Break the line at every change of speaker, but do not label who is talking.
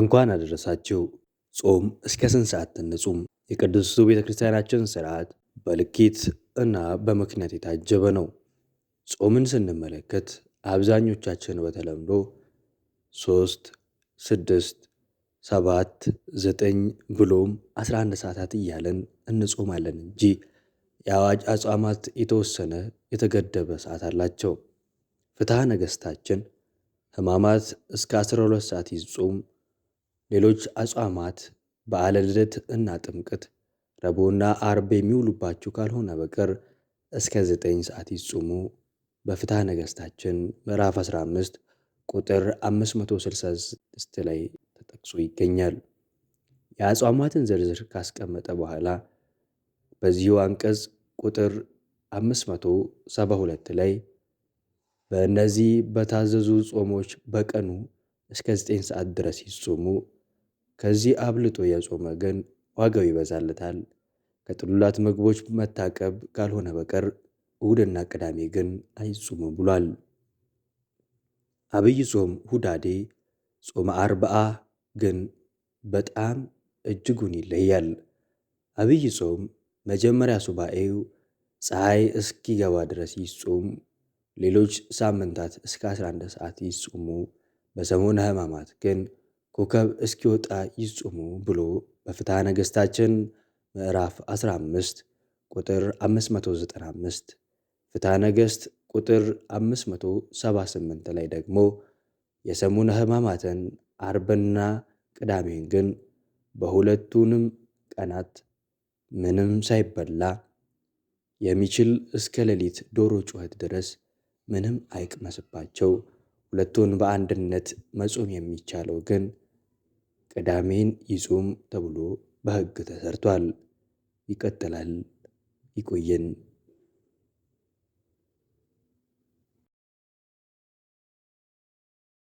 እንኳን አደረሳችሁ። ጾም እስከ ስንት ሰዓት ትንጹም? የቅድስቱ ቤተ ክርስቲያናችን ስርዓት በልኬት እና በምክንያት የታጀበ ነው። ጾምን ስንመለከት አብዛኞቻችን በተለምዶ ሶስት፣ ስድስት፣ ሰባት፣ ዘጠኝ ብሎም 11 ሰዓታት እያለን እንጾማለን እንጂ የአዋጅ አጽዋማት የተወሰነ የተገደበ ሰዓት አላቸው። ፍትሐ ነገሥታችን ሕማማት እስከ 12 ሰዓት ይጹም ሌሎች አጽዋማት በዓለ ልደት እና ጥምቀት ረቡዕና አርብ የሚውሉባችሁ ካልሆነ በቀር እስከ ዘጠኝ ሰዓት ይጹሙ። በፍትሐ ነገሥታችን ምዕራፍ 15 ቁጥር 566 ላይ ተጠቅሶ ይገኛል። የአጽዋማትን ዝርዝር ካስቀመጠ በኋላ በዚሁ አንቀጽ ቁጥር 572 ላይ በእነዚህ በታዘዙ ጾሞች በቀኑ እስከ 9 ሰዓት ድረስ ይጹሙ ከዚህ አብልጦ የጾመ ግን ዋጋው ይበዛለታል። ከጥሉላት ምግቦች መታቀብ ካልሆነ በቀር እሁድና ቅዳሜ ግን አይጾምም ብሏል። አብይ ጾም ሁዳዴ ጾመ አርብዓ ግን በጣም እጅጉን ይለያል። አብይ ጾም መጀመሪያ ሱባኤው ፀሐይ እስኪገባ ድረስ ይጾም፣ ሌሎች ሳምንታት እስከ 11 ሰዓት ይጹሙ። በሰሞነ ሕማማት ግን ኮከብ እስኪወጣ ይጹሙ ብሎ በፍትሐ ነገሥታችን ምዕራፍ 15 ቁጥር 595 ፍትሐ ነገሥት ቁጥር 578 ላይ ደግሞ የሰሙነ ሕማማትን አርብና ቅዳሜን ግን በሁለቱንም ቀናት ምንም ሳይበላ የሚችል እስከ ሌሊት ዶሮ ጩኸት ድረስ ምንም አይቅመስባቸው። ሁለቱን በአንድነት መጾም የሚቻለው ግን ቅዳሜን ይጹም ተብሎ በሕግ ተሰርቷል። ይቀጥላል። ይቆየን።